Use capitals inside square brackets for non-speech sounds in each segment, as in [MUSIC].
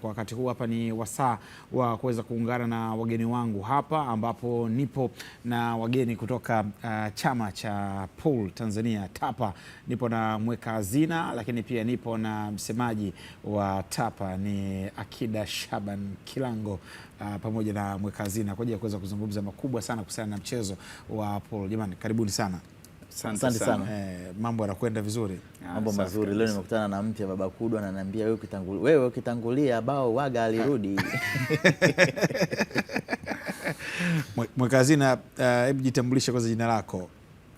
Kwa wakati huu hapa ni wasaa wa kuweza kuungana na wageni wangu hapa ambapo nipo na wageni kutoka uh, chama cha Pool Tanzania TAPA. Nipo na mweka hazina lakini pia nipo na msemaji wa TAPA ni Akida Shaban Kilango uh, pamoja na mweka hazina kwa ajili ya kuweza kuzungumza makubwa sana kuhusiana na mchezo wa pool. Jamani, karibuni sana. Asante sana. Eh, mambo yanakwenda vizuri. Ah, mambo mazuri. Leo nimekutana na mpya baba Kudwa na ananiambia wewe ukitangulia, wewe ukitangulia bao waga alirudi. [LAUGHS] mwekazina eh, hebu uh, jitambulishe kwanza jina lako.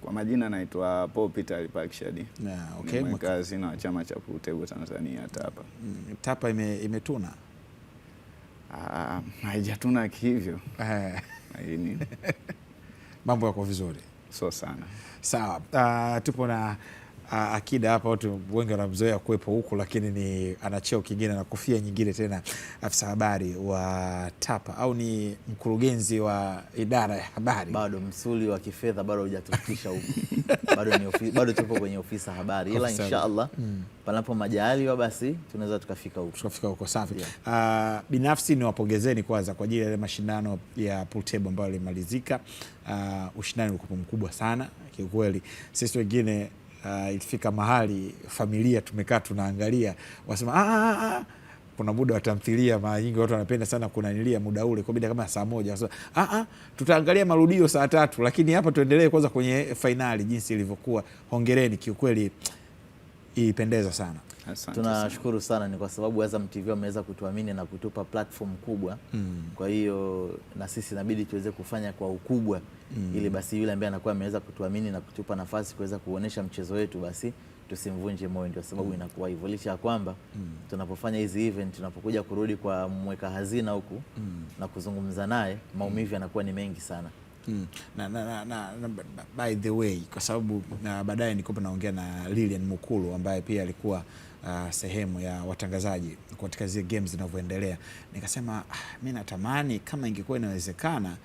Kwa majina naitwa Paul Peter Pakshadi. Yeah, okay. mwekazina wa Chama cha Uteule Tanzania TAPA. Mm, TAPA ime, imetuna. Ah, haijatuna kivyo. Eh. [LAUGHS] Mambo yako vizuri so sana. Sawa, uh, tupo na Akida hapa watu wengi wanamzoea kuwepo huku, lakini ni anacheo kingine na kofia nyingine tena, afisa habari wa TAPA au ni mkurugenzi wa idara ya habari. Bado msuli wa kifedha bado hujatufikisha huku [LAUGHS] bado, bado tupo kwenye ofisa habari, ila inshaallah mm. panapo majaliwa basi tunaweza tukafika huko tukafika huko safi yeah. Uh, binafsi ni wapongezeni kwanza kwa ajili ya mashindano ya pool table ambayo ilimalizika. Uh, ushindani ulikuwa mkubwa sana kiukweli, sisi wengine uh, ilifika mahali familia tumekaa tunaangalia, wasema ah, ah, kuna muda wa tamthilia, mara nyingi watu wanapenda sana kunanilia muda ule kabida kama saa moja, ah, ah, tutaangalia marudio saa tatu, lakini hapa tuendelee kwanza kwenye fainali jinsi ilivyokuwa. Hongereni, kiukweli ilipendeza sana tunashukuru sana, ni kwa sababu Azam TV wameweza kutuamini na kutupa platform kubwa mm. Kwa hiyo na sisi inabidi tuweze kufanya kwa ukubwa mm. ili basi yule ambaye anakuwa ameweza kutuamini na kutupa nafasi kuweza kuonesha mchezo wetu basi tusimvunje moyo, ndio sababu mm. inakuwa hivyo, licha ya kwamba mm. tunapofanya hizi event, tunapokuja kurudi kwa mweka hazina huku mm. na kuzungumza naye, maumivu yanakuwa ni mengi sana. Hmm. Na, na, na, na, na, by the way kwa sababu baadaye nikopo naongea na Lilian Mukulu ambaye pia alikuwa uh, sehemu ya watangazaji katika zile games zinavyoendelea, nikasema ah, mi natamani kama ingekuwa inawezekana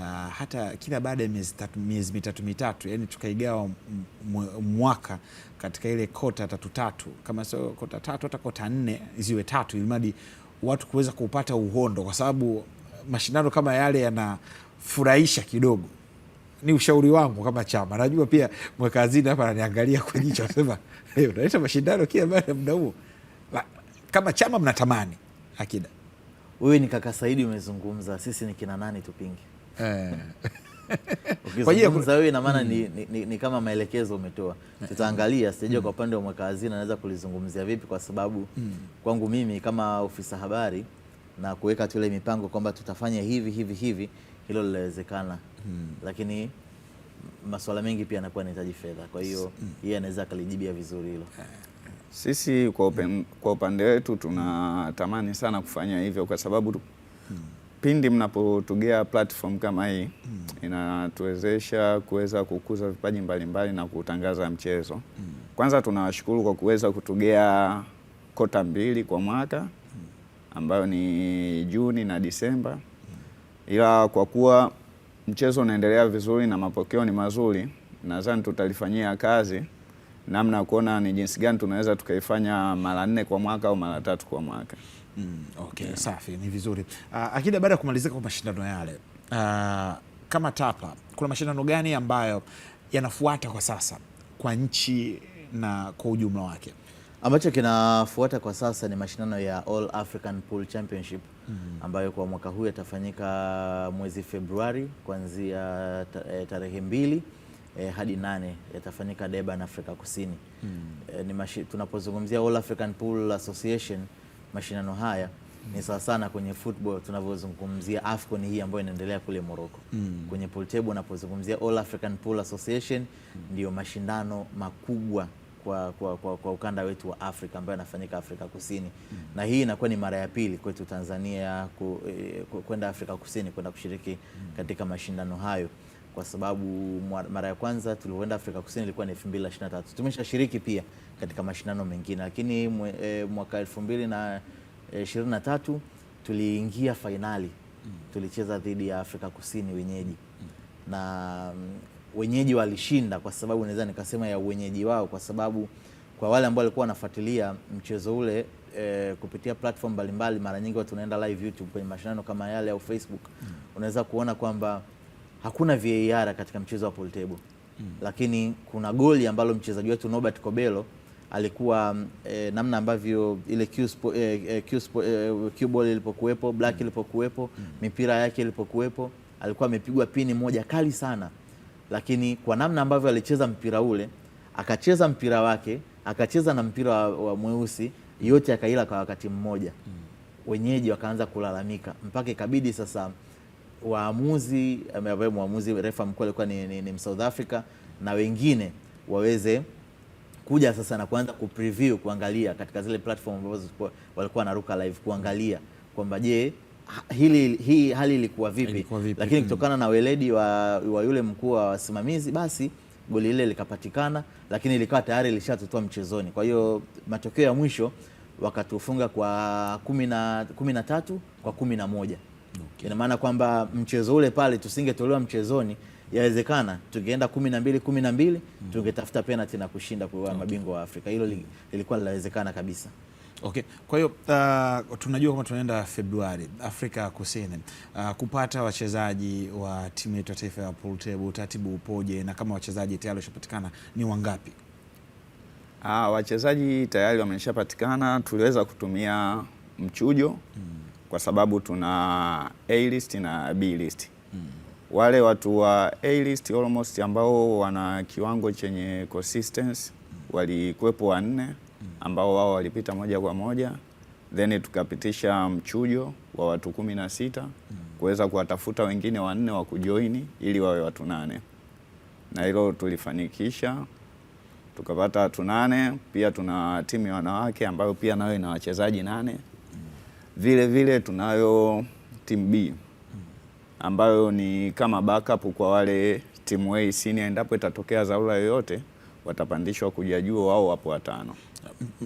Uh, hata kila baada ya miezi mitatu mitatu, yani tukaigawa mwaka katika ile kota tatu tatu, kama sio kota tatu hata kota nne ziwe tatu, ilimadi watu kuweza kupata uhondo, kwa sababu mashindano kama yale yanafurahisha kidogo ni ushauri wangu kama chama. Najua pia mweka hazina hapa ananiangalia kwa jicho anasema hey, eh, unaleta mashindano kila baada ya muda huo. Kama chama mnatamani akida huyu ni kaka Saidi, umezungumza sisi ni kina nani tupinge eh. [LAUGHS] Ukizungumza wewe ina maana hmm. ni, ni, ni, ni kama maelekezo umetoa, tutaangalia sijajua kwa hmm. upande wa mweka hazina naweza kulizungumzia vipi, kwa sababu hmm. kwangu mimi kama ofisa habari na kuweka tule mipango kwamba tutafanya hivi hivi hivi hilo linawezekana hmm. Lakini masuala mengi pia yanakuwa yanahitaji fedha, kwa hiyo yeye hmm. anaweza akalijibia vizuri hilo. Sisi kwa, open, hmm. kwa upande wetu tunatamani sana kufanya hivyo kwa sababu hmm. pindi mnapotugea platform kama hii hmm. inatuwezesha kuweza kukuza vipaji mbalimbali na kutangaza mchezo hmm. Kwanza tunawashukuru kwa kuweza kutugea kota mbili kwa mwaka ambayo ni Juni na Disemba ila kwa kuwa mchezo unaendelea vizuri na mapokeo ni mazuri, nadhani tutalifanyia kazi namna ya kuona ni jinsi gani tunaweza tukaifanya mara nne kwa mwaka au mara tatu kwa mwaka. Mm, okay, yeah. Safi, ni vizuri. Uh, Akida, baada ya kumalizika kwa mashindano yale, uh, kama TAPA kuna mashindano gani ambayo yanafuata kwa sasa kwa nchi na kwa ujumla wake? Ambacho kinafuata kwa sasa ni mashindano ya All African Pool Championship Mm-hmm. ambayo kwa mwaka huu yatafanyika mwezi Februari kuanzia eh, tarehe mbili E, hadi nane yatafanyika Durban Afrika Kusini. Mm. E, tunapozungumzia All African Pool Association mashindano haya mm-hmm. ni sawa sana kwenye football tunavyozungumzia AFCON hii ambayo inaendelea kule Morocco. Mm. Kwenye pool table unapozungumzia All African Pool Association mm. ndiyo mashindano makubwa kwa, kwa, kwa, kwa ukanda wetu wa Afrika ambayo inafanyika Afrika Kusini mm. na hii inakuwa ni mara ya pili kwetu Tanzania e, kwenda ku, Afrika Kusini kwenda kushiriki mm. katika mashindano hayo kwa sababu mara ya kwanza tulipoenda Afrika Kusini ilikuwa ni 2023. Tumeshashiriki pia katika mashindano mengine, lakini e, mwaka 2023 tuliingia fainali, hmm. tulicheza dhidi ya Afrika Kusini wenyeji hmm. na wenyeji walishinda, kwa sababu naweza nikasema ya uwenyeji wao, kwa sababu kwa wale ambao walikuwa wanafuatilia mchezo ule e, kupitia platform mbalimbali, mara nyingi watu tunaenda live YouTube kwenye mashindano kama yale au Facebook mm. unaweza kuona kwamba hakuna VAR katika mchezo wa pool table mm. lakini kuna goli ambalo mchezaji wetu Norbert Kobelo alikuwa e, namna ambavyo ile Q eh, Q ball ilipokuwepo black mm. ilipokuwepo mm. mipira yake ilipokuwepo alikuwa amepigwa pini moja kali sana mm lakini kwa namna ambavyo alicheza mpira ule, akacheza mpira wake, akacheza na mpira wa, wa mweusi, yote akaila kwa wakati mmoja mm. Wenyeji wakaanza kulalamika mpaka ikabidi sasa waamuzi ambaye mwamuzi refa mkuu alikuwa ni, ni, ni South Africa na wengine waweze kuja sasa na kuanza kupreview kuangalia katika zile platform ambazo walikuwa wanaruka live kuangalia kwamba je hili, hii hali ilikuwa vipi, vipi? Lakini mm. kutokana na weledi wa, wa yule mkuu wa wasimamizi basi goli lile likapatikana, lakini ilikawa tayari ilishatotoa mchezoni. Kwa hiyo matokeo ya mwisho wakatufunga kwa kumi na, kumi na tatu kwa kumi na moja. Okay. Ina maana kwamba mchezo ule pale tusingetolewa mchezoni, yawezekana tungeenda kumi na mbili kumi na mbili mm. tungetafuta penalti na kushinda kwa mabingwa wa Afrika. Hilo lilikuwa linawezekana kabisa. Okay. Kwa hiyo uh, tunajua kama tunaenda Februari Afrika Kusini. Uh, kupata wachezaji wa timu yetu ya taifa ya pool table utaratibu upoje, na kama wachezaji tayari washapatikana ni wangapi? Ah, wachezaji tayari wameshapatikana. Tuliweza kutumia mchujo hmm. kwa sababu tuna A list na B list hmm. wale watu wa A list almost ambao wana kiwango chenye consistency mm. walikuwepo wanne ambao wao walipita moja kwa moja, then tukapitisha mchujo wa watu kumi na sita kuweza kuwatafuta wengine wanne wa kujoini ili wawe watu nane, na hilo tulifanikisha tukapata watu nane. Pia tuna timu ya wanawake ambayo pia nayo ina wachezaji nane. Vile vile tunayo timu B ambayo ni kama backup kwa wale timu A senior, endapo itatokea dharura yoyote watapandishwa kuja juu, wao wapo watano.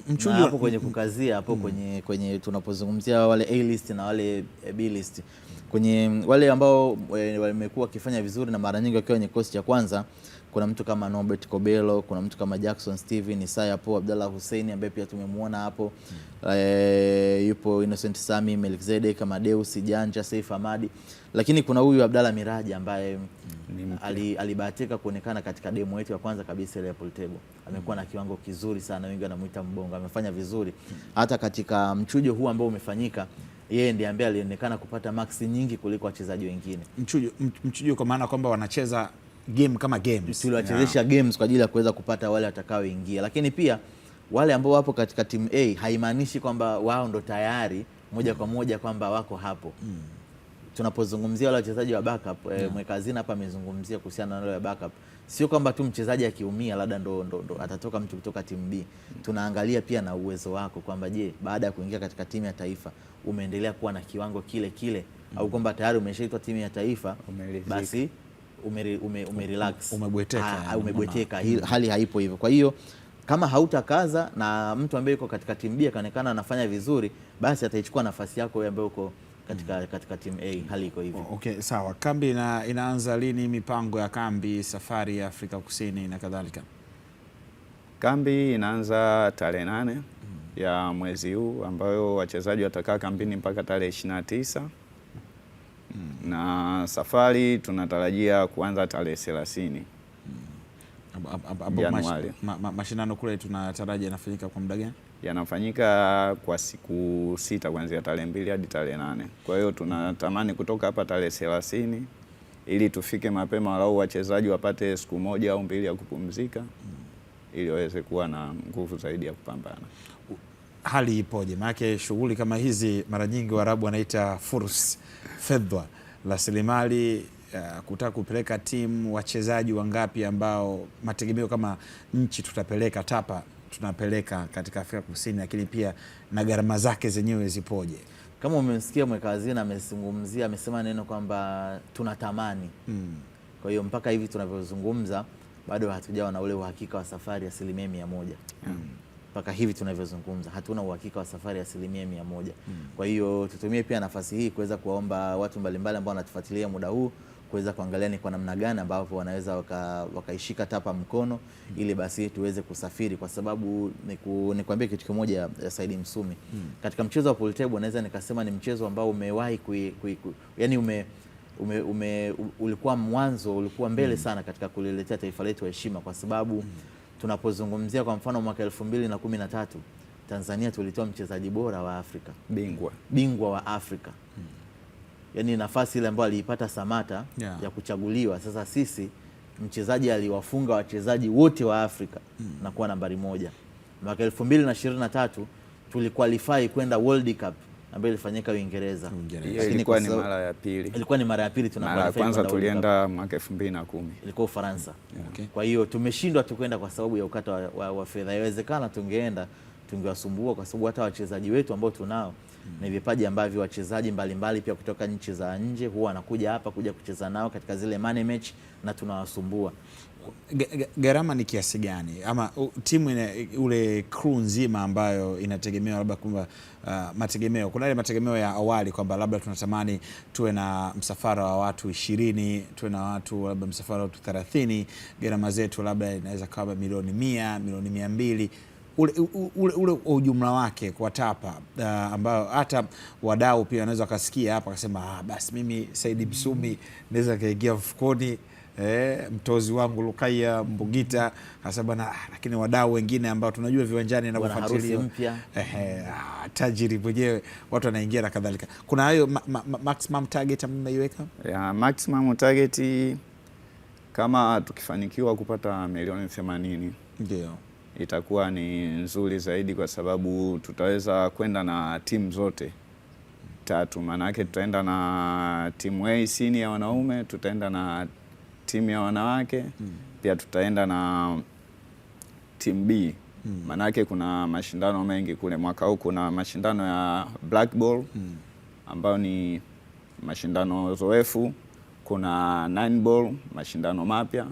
Mchujo hapo kwenye kukazia hapo mm. kwenye, kwenye tunapozungumzia wale A list na wale B list, kwenye wale ambao eh, wamekuwa wakifanya vizuri na mara nyingi wakiwa kwenye kikosi cha kwanza kuna mtu kama Norbert Kobelo, kuna mtu kama Jackson Steven, Isaya Po, Abdallah Hussein ambaye pia tumemwona hapo mm. E, yupo Innocent Sami, Melkizedek Deus Janja, Saif Amadi, lakini kuna huyu Abdallah Miraji ambaye mm. ali, alibahatika kuonekana katika demo yetu ya kwanza kabisa ile ya pool table. Amekuwa mm. na kiwango kizuri sana, wengi wanamuita mbongo, amefanya vizuri hmm. hata katika mchujo huu ambao umefanyika yeye ndiye ambaye alionekana kupata maksi nyingi kuliko wachezaji wengine. Mchujo, mchujo kwa maana kwamba wanacheza game kama games, tuliwachezesha yeah, games kwa ajili ya kuweza kupata wale watakaoingia, lakini pia wale ambao wapo katika timu A haimaanishi kwamba wao ndo tayari moja mm. kwa moja kwamba wako hapo mm. tunapozungumzia wale wachezaji wa backup eh, yeah. E, mwekazina hapa amezungumzia kuhusiana na wale wa backup, sio kwamba tu mchezaji akiumia labda ndo, ndo, ndo atatoka mtu kutoka timu B tunaangalia pia na uwezo wako kwamba je, baada ya kuingia katika timu ya taifa umeendelea kuwa na kiwango kile kile mm. au kwamba tayari umeshaitwa timu ya taifa basi ume, um, umebweteka, ah, umebweteka, hali haipo hivyo. Kwa hiyo kama hautakaza na mtu ambaye yuko katika timu B akaonekana anafanya vizuri, basi ataichukua nafasi yako wewe ambaye uko katika, mm. katika timu A. Hali iko hivyo. Okay, sawa. Kambi ina, inaanza lini? Mipango ya kambi, safari ya Afrika Kusini na kadhalika? Kambi inaanza tarehe nane mm. ya mwezi huu ambayo wachezaji watakaa kambini mpaka tarehe ishirini na tisa na safari tunatarajia kuanza tarehe thelathini Januari. Mashindano kule tunataraji yanafanyika kwa muda gani? Yanafanyika kwa siku sita kuanzia tarehe mbili hadi tarehe nane. Kwa hiyo tunatamani kutoka hapa tarehe thelathini ili tufike mapema, walau wachezaji wapate siku moja au mbili ya kupumzika, ili waweze kuwa na nguvu zaidi ya kupambana hali ipoje? Maanake shughuli kama hizi mara nyingi Waarabu wanaita furs, fedha, rasilimali Uh, kutaka kupeleka timu wachezaji wangapi ambao mategemeo kama nchi tutapeleka tapa tunapeleka katika Afrika Kusini, lakini pia na gharama zake zenyewe zipoje? Kama umemsikia mweka hazina amezungumzia, amesema neno kwamba tunatamani mm. Kwa hiyo mpaka hivi tunavyozungumza bado hatujawa na ule uhakika wa safari asilimia mia moja mm mpaka hivi tunavyozungumza hatuna uhakika wa safari asilimia mia moja. Mm. Kwa hiyo tutumie pia nafasi hii kuweza kuwaomba watu mbalimbali ambao wanatufuatilia muda huu kuweza kuangalia ni kwa namna gani ambapo wanaweza waka, wakaishika tapa mkono mm. ili basi tuweze kusafiri, kwa sababu nikuambie kitu kimoja ya Saidi Msumi mm. katika mchezo wa pool table naweza nikasema ni mchezo ambao umewahi kui, kui, kui, yani ume, ume, ume, ulikuwa mwanzo ulikuwa mbele mm. sana katika kuliletea taifa letu heshima kwa sababu mm tunapozungumzia kwa mfano mwaka elfu mbili na kumi na tatu Tanzania tulitoa mchezaji bora wa Afrika, bingwa bingwa wa Afrika hmm. Yani nafasi ile ambayo aliipata Samata yeah. ya kuchaguliwa. Sasa sisi mchezaji aliwafunga wachezaji wote wa Afrika hmm. na kuwa nambari moja. Mwaka elfu mbili na ishirini na tatu tulikwalifai kwenda World Cup ambayo ilifanyika Uingereza. Ilikuwa ni mara ya pili, ilikuwa ni mara ya pili. Mara ya kwanza tulienda mwaka 2010 ilikuwa Ufaransa. Okay. Kwa hiyo tumeshindwa tu kwenda kwa sababu ya ukata wa, wa, wa fedha. Inawezekana tungeenda tungewasumbua, kwa sababu hata wachezaji wetu ambao tunao mm. ni vipaji ambavyo wachezaji mbalimbali pia kutoka nchi za nje huwa wanakuja hapa kuja kucheza nao katika zile money match na tunawasumbua. Gharama ni kiasi gani ama timu ina, ule crew nzima ambayo inategemewa labda kwamba uh, mategemeo kuna ile mategemeo ya awali kwamba labda tunatamani tuwe na msafara wa watu ishirini tuwe na watu labda msafara wa watu thelathini gharama zetu labda inaweza kawa milioni mia milioni mia mbili ule, ule, ule ujumla wake kwa TAPA uh, ambayo hata wadau pia wanaweza wakasikia hapa akasema, ah, basi mimi Saidi Msumi naweza kaingia mfukoni eh, mtozi wangu Lukaya Mbugita hasa bana, ah, lakini wadau wengine ambao tunajua viwanjani na kufuatilia eh, eh, tajiri mwenyewe watu wanaingia na kadhalika. Kuna hayo ma, ma, ma, maximum target ambayo mmeiweka yeah, maximum target kama tukifanikiwa kupata milioni 80 ndio itakuwa ni nzuri zaidi, kwa sababu tutaweza kwenda na timu zote tatu. Maana yake tutaenda na timu A sini ya wanaume, tutaenda na timu ya wanawake mm. pia tutaenda na timu B mm. yake kuna mashindano mengi kule. Mwaka huu kuna mashindano ya black ball mm. ambayo ni mashindano zoefu, kuna nine ball mashindano mapya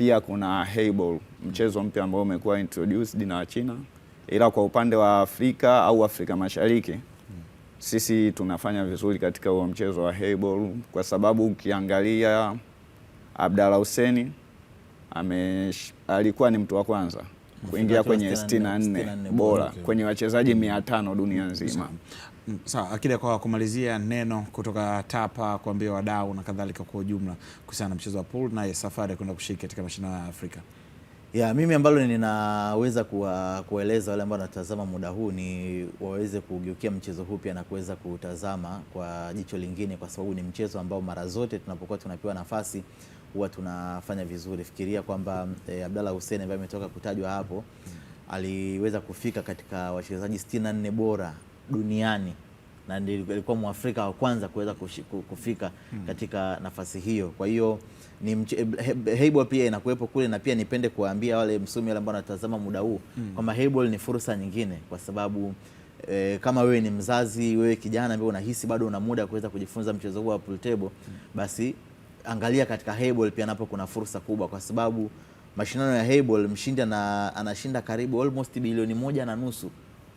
pia kuna heiball, mchezo mpya ambao umekuwa introduced na china ila kwa upande wa Afrika au Afrika Mashariki sisi tunafanya vizuri katika huo mchezo wa heiball, kwa sababu ukiangalia Abdalla Hussein ame alikuwa ni mtu wa kwanza kuingia kwenye 64 bora kwenye wachezaji 500 dunia nzima. Sawa, Akida, kwa kumalizia neno kutoka TAPA kuambia wadau na kadhalika kwa ujumla kuhusiana na mchezo wa pool na safari ya kwenda kushiriki katika mashindano ya Afrika. Ya, mimi ambalo ninaweza kuwa, kueleza wale ambao wanatazama muda huu ni waweze kugeukia mchezo huu pia na kuweza kutazama kwa jicho lingine, kwa sababu ni mchezo ambao mara zote tunapokuwa tunapewa nafasi huwa tunafanya vizuri. Fikiria kwamba eh, Abdalla Hussein ambaye ametoka kutajwa hapo hmm. aliweza kufika katika wachezaji 64 bora duniani na ndiyo Mwafrika wa kwanza kuweza kufika hmm. katika nafasi hiyo. Kwa hiyo ni Heibol pia inakuwepo kule, na pia nipende kuwaambia wale msomi wale ambao wanatazama muda huu mm. kwamba Heibol ni fursa nyingine kwa sababu E, kama wewe ni mzazi, wewe kijana ambaye unahisi bado una muda kuweza kujifunza mchezo huu wa pool table, hmm. basi angalia katika Hebol pia napo kuna fursa kubwa, kwa sababu mashindano ya Hebol mshindi anashinda karibu almost bilioni moja na nusu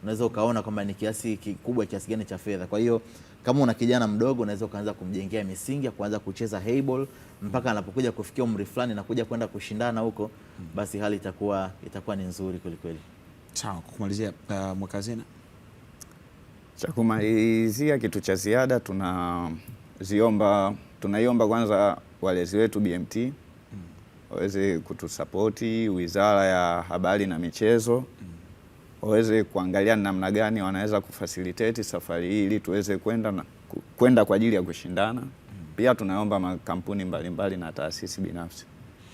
unaweza ukaona kwamba ni kiasi kikubwa kiasi gani cha fedha. Kwa hiyo kama una kijana mdogo, unaweza ukaanza kumjengea misingi ya kuanza kucheza hayball mpaka anapokuja kufikia umri fulani na kuja kwenda kushindana huko, basi hali itakuwa itakuwa ni nzuri kwelikweli. Sawa, kumalizia uh, Mwakazina cha kumalizia kitu cha ziada tunaziomba tunaiomba kwanza walezi wetu BMT mm. waweze kutusapoti, Wizara ya Habari na Michezo mm waweze kuangalia namna gani wanaweza kufasiliteti safari hii ili tuweze kwenda kwenda kwa ajili ya kushindana. Pia tunaomba makampuni mbalimbali mbali na taasisi binafsi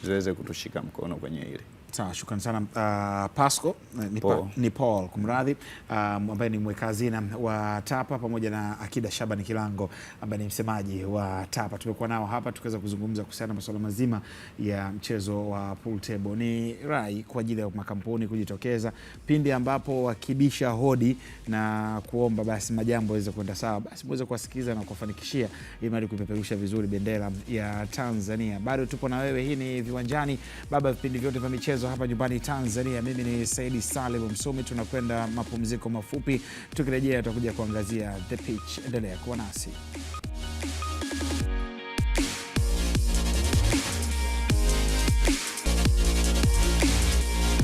ziweze kutushika mkono kwenye hili. Sawa, shukrani sana uh, Pasco eh, ni, Paul. Pa, ni Paul kumradhi, um, ambaye um, ni mweka hazina wa TAPA pamoja na Akida Shabani Kilango ambaye ni msemaji wa TAPA. Tumekuwa nao hapa tukiweza kuzungumza kuhusiana na masuala mazima ya mchezo wa pool table. Ni rai kwa ajili ya makampuni kujitokeza pindi ambapo wakibisha hodi na kuomba basi majambo yaweze kwenda sawa, basi muweze kuwasikiliza na kuwafanikishia ili kupeperusha vizuri bendera ya Tanzania. Bado tupo na wewe, hii ni Viwanjani, baba vipindi vyote vya michezo michezo hapa nyumbani Tanzania. Mimi ni Saidi Salim Msumi, tunakwenda mapumziko mafupi, tukirejea tutakuja kuangazia the pitch. Endelea kuwa nasi.